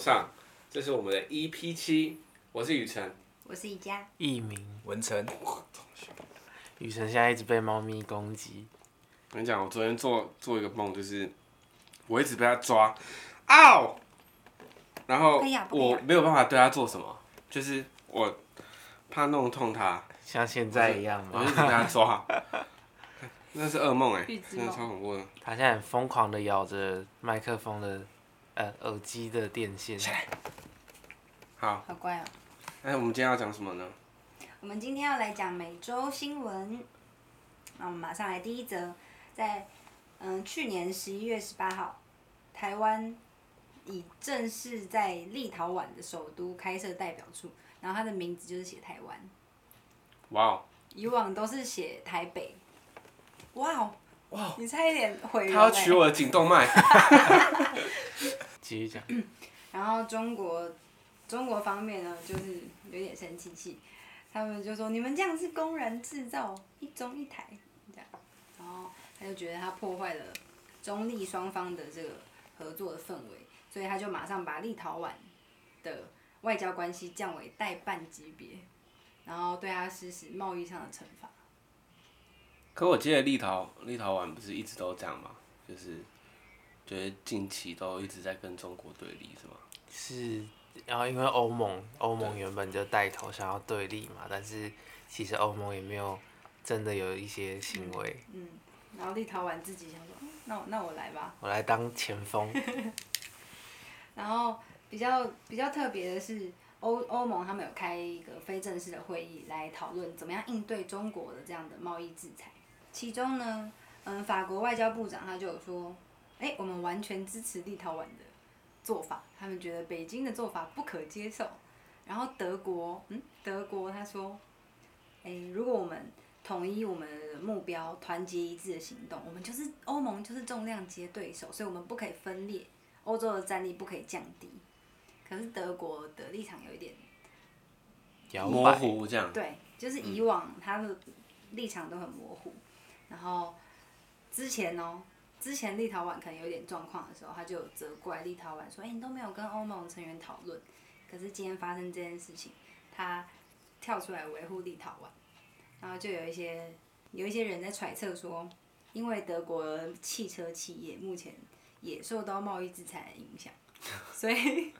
上，這是我們的 EP7，我是雨辰，我是一家，藝名文成。雨辰現在一直被貓咪攻擊。我跟你講，我昨天做做一個夢，就是我一直被它抓，嗷！然後我沒有辦法對它做什麼，就是我怕弄痛它，像現在一樣我，我就被它抓。那 是噩夢哎、欸，真的超恐怖的。它現在很瘋狂的咬着麥克風的。呃，耳機的電線。好。好乖哦。哎、欸，我們今天要講什麼呢？我們今天要來講每週新聞。那我們馬上來第一則，在嗯、呃、去年十一月十八號，台灣已正式在立陶宛的首都開設代表處，然後它的名字就是寫台灣。哇、wow、哦。以往都是寫台北。哇、wow、哦。哇、wow！你差一點毀了。他要取我的頸動脈。繼續講。然後中國，中國方面呢，就是有點生氣氣，他們就說，你們這樣是公然制造一中一台這樣，然後他就覺得他破壞了中立雙方的這個合作的氛圍，所以他就馬上把立陶宛的外交關係降為代辦級別，然後對他實施貿易上的懲罰。可我記得立陶立陶宛不是一直都這樣嗎？就是，覺得近期都一直在跟中國對立，是嗎？是，然後因為歐盟，歐盟原本就帶頭想要對立嘛，但是其實歐盟也沒有真的有一些行為。嗯。然後立陶宛自己想說，那我那我來吧。我來當前鋒。 然後比較比較特別的是，歐歐盟他們有開一個非正式的會議來討論怎麼樣應對中國的這樣的貿易制裁。其中呢，嗯，法國外交部長他就有說，哎、欸，我們完全支持立陶宛的做法，他們覺得北京的做法不可接受。然後德國，嗯，德國他說，哎、欸，如果我們統一我們的目標，團結一致的行動，我們就是歐盟就是重量級的對手，所以我們不可以分裂，歐洲的戰力不可以降低。可是德國的立場有一點模糊，這樣對，就是以往他的立場都很模糊。嗯然後之前哦，之前立陶宛可能有點狀況的時候，他就責怪立陶宛說：“哎，你都沒有跟歐盟成員討論。”可是今天發生這件事情，他跳出來維護立陶宛，然後就有一些有一些人在揣測說，因為德國汽車企業目前也受到貿易制裁的影響，所以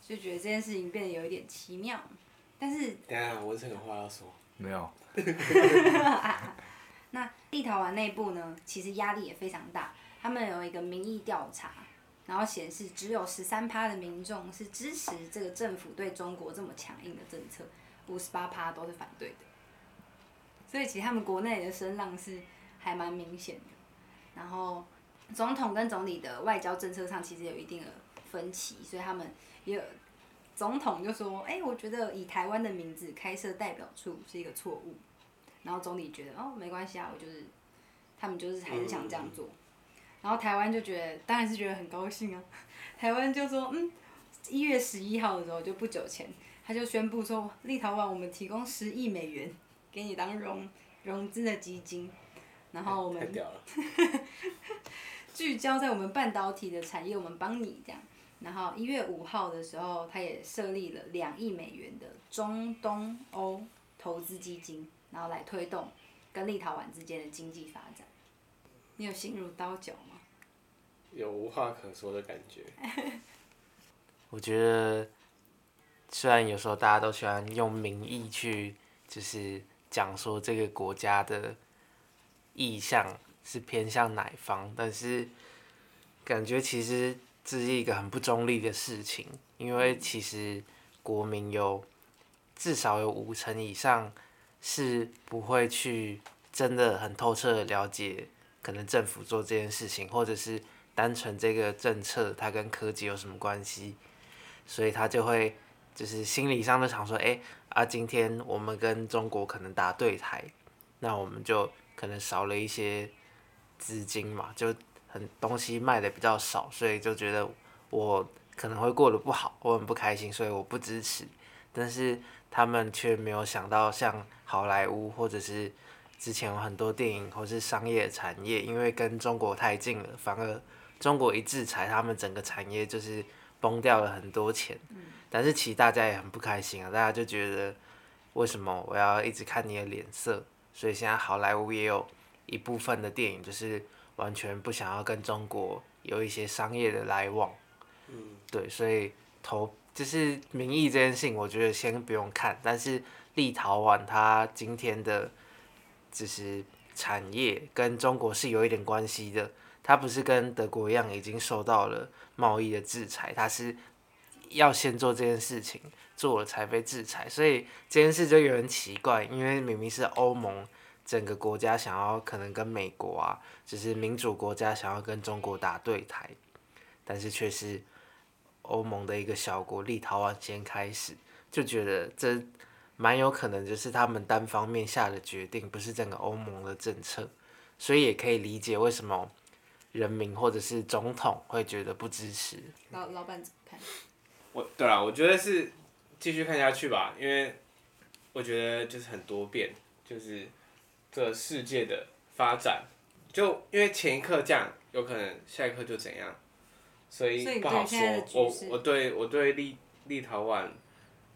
就覺得這件事情變得有一點奇妙。但是，等等，我這個話要說。沒有。 立陶宛內部呢，其實壓力也非常大。他們有一個民意調查，然後顯示只有十三趴的民眾是支持這個政府對中國這麼強硬的政策，五十八趴都是反對的。所以其實他們國內的聲浪是還蠻明顯的。然後總統跟總理的外交政策上其實有一定的分歧，所以他們也有總統就說：“哎，我覺得以台灣的名字開設代表處是一個錯誤。”然後總理覺得哦，沒關係啊，我就是，他們就是還是想這樣做，嗯、然後台灣就覺得當然是覺得很高興啊，台灣就說嗯，一月十一號的時候就不久前，他就宣布說，立陶宛，我們提供十億美元給你當融融資的基金，然後我們了 聚焦在我們半導體的產業，我們幫你這樣。然後一月五號的時候他也設立了兩億美元的中東歐投資基金。然後來推動跟立陶宛之間的經濟發展，你有心如刀絞嗎？有無話可說的感覺。 我覺得，雖然有時候大家都喜歡用民意去，就是講說這個國家的意向是偏向哪方，但是感覺其實這是一個很不中立的事情，因為其實國民有至少有五成以上。是不會去真的很透徹的了解，可能政府做這件事情，或者是單純這個政策它跟科技有什麼關係，所以他就會就是心理上的想說，哎、欸、啊，今天我們跟中國可能打對台，那我們就可能少了一些資金嘛，就很東西賣得比較少，所以就覺得我可能會過得不好，我很不開心，所以我不支持。但是他們卻沒有想到，像好萊塢或者是之前有很多電影，或是商業產業，因為跟中國太近了，反而中國一制裁，他們整個產業就是崩掉了很多錢。但是其實大家也很不開心啊，大家就覺得為什麼我要一直看你的臉色？所以現在好萊塢也有一部分的電影就是完全不想要跟中國有一些商業的來往。嗯。對，所以投。就是民意這件事情，我覺得先不用看。但是立陶宛它今天的，就是產業跟中國是有一點關係的。它不是跟德國一樣已經受到了貿易的制裁，它是要先做這件事情，做了才被制裁。所以這件事就有點奇怪，因為明明是歐盟整個國家想要，可能跟美國啊，就是民主國家想要跟中國打對台，但是卻是。歐盟的一個小國立陶宛先開始，就覺得這蠻有可能就是他們單方面下的決定，不是整個歐盟的政策，所以也可以理解為什麼人民或者是總統會覺得不支持。老老板怎麼看？我對啊，我覺得是繼續看下去吧，因為我覺得就是很多變，就是這世界的發展，就因為前一刻這樣，有可能下一刻就怎樣。所以不好說，所以我我對我對立立陶宛，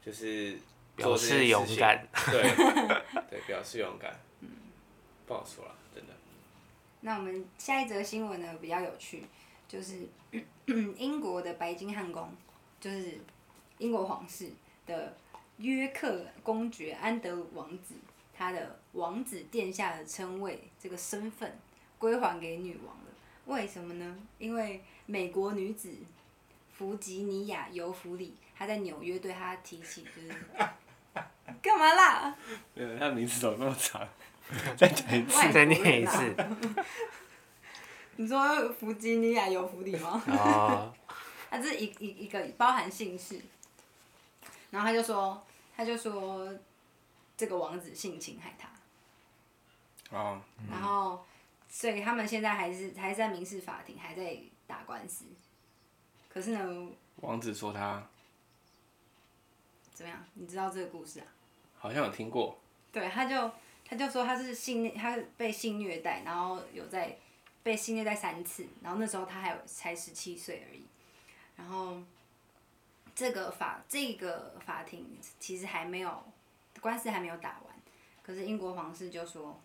就是表示勇敢，對 對，對表示勇敢，嗯， 不好說了，真的。那我們下一則新聞呢比較有趣，就是咳咳英國的白金漢宮，就是英國皇室的約克公爵安德魯王子，他的王子殿下的稱謂這個身份歸還給女王了。為什麼呢？因為美國女子弗吉尼亞尤弗里，她在紐約對她提起，就是幹 嘛啦？她他名字怎麼那麼長？ 再講一次，再念一次。一次 你說弗吉尼亞尤弗里嗎？Oh. 她他是一一一個包含姓氏，然後她就說，她就說，這個王子性侵害她。Oh，然後。嗯所以他們現在還是還在民事法庭還在打官司，可是呢，王子說他怎麼樣？你知道這個故事啊？好像有聽過。對，他就他就說他是性他被性虐待，然後有在被性虐待三次，然後那時候他還有才十七歲而已。然後這個法這個法庭其實還沒有官司還沒有打完，可是英國皇室就說，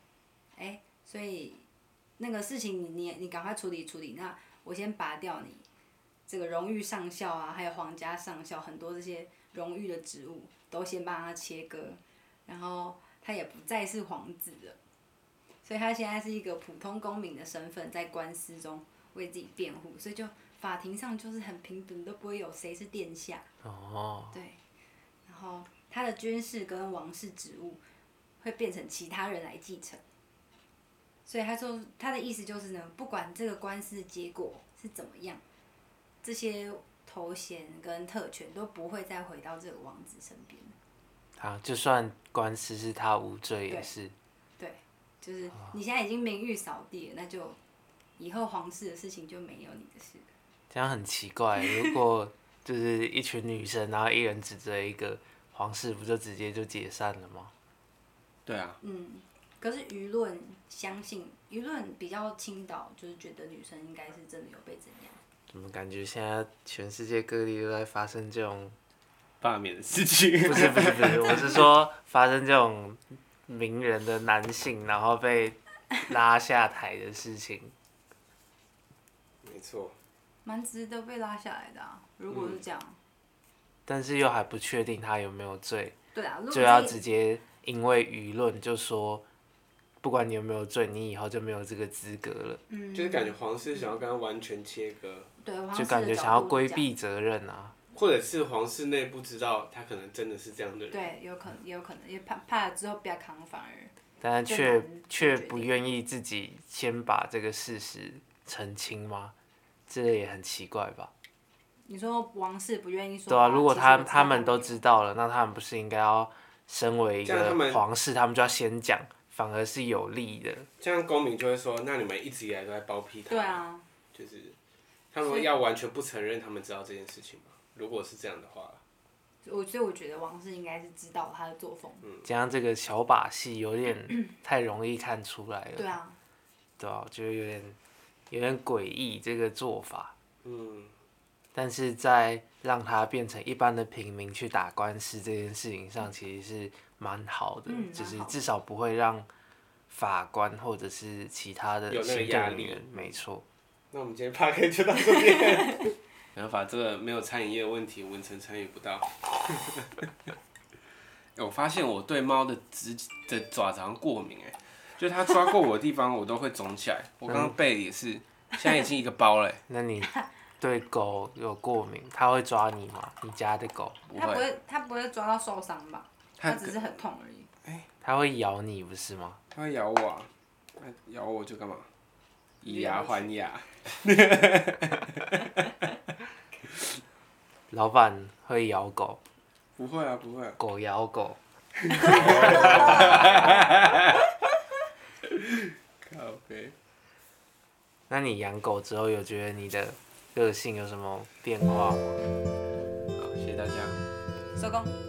哎、欸，所以。那個事情你你你趕快處理處理，那我先拔掉你這個榮譽上校啊，還有皇家上校很多這些榮譽的職務，都先幫他切割，然後他也不再是皇子了，所以他現在是一個普通公民的身份，在官司中為自己辯護，所以就法庭上就是很平等，都不會有誰是殿下。哦、oh.。對。然後他的軍事跟王室職務會變成其他人來繼承。所以他說，他的意思就是呢，不管這個官司的結果是怎麼樣，這些頭銜跟特權都不會再回到這個王子身邊。好、啊，就算官司是他無罪也是。對，對就是你現在已經名譽掃地了，那就以後皇室的事情就沒有你的事。這樣很奇怪，如果就是一群女生， 然後一人指責一個皇室，不就直接就解散了嗎？對啊。嗯。可是輿論相信，輿論比較傾倒，就是覺得女生應該是真的有被怎樣的。怎麼感覺現在全世界各地都在發生這種罷免的事情不？不是不是不是，不是 我是說發生這種名人的男性，然後被拉下台的事情。沒錯。蠻值得被拉下來的啊，如果是這樣，嗯，但是又還不確定他有沒有罪。對啊。如果就要直接因為輿論就說。不管你有沒有罪，你以後就沒有這個資格了。就是感覺皇室想要跟他完全切割，對、嗯嗯，就感覺想要規避責任啊，或者是皇室內不知道他可能真的是這樣的人。對，有可能，也有可能，也怕怕了之後比較扛反而。但卻卻不願意自己先把這個事實澄清嗎？這也很奇怪吧。你說王室不願意說。對啊，如果他們他們都知道了，那他們不是應該要身為一個皇室，他們，他們就要先講。反而是有利的，嗯、這樣公民就會說：“那你們一直以來都在包庇他。”對啊，就是他們要完全不承認他們知道這件事情嗎？如果是這樣的話，我所以我覺得王室應該是知道他的作風，嗯、這樣這個小把戲有點太容易看出來了。對啊，對啊，就有點有點詭異這個做法。嗯。但是在讓他變成一般的平民去打官司這件事情上，嗯、其實是。蠻好，嗯、好的，就是至少不會讓法官或者是其他的行政人員有壓力。沒錯。那我們今天 PK 就到這裡。然 後把這個沒有餐飲業問題，文成參與不到、 欸。我發現我對貓的直的爪子上過敏，哎，就它抓過我的地方，我都會腫起來。 我剛剛背的也是， 現在已經一個包嘞。那你對狗有過敏，它會抓你嗎？你家的狗？不它不會，它不會抓到受傷吧？他只是很痛而已。欸、他會咬你不是嗎？他會咬我啊！它咬我就幹嘛？以牙還牙。哈哈哈哈哈哈！ 老闆會咬狗？不會啊，不會、啊。狗咬狗。哈哈哈哈哈咖啡。那你養狗之後有覺得你的個性有什麼變化嗎？好，謝謝大家。收工。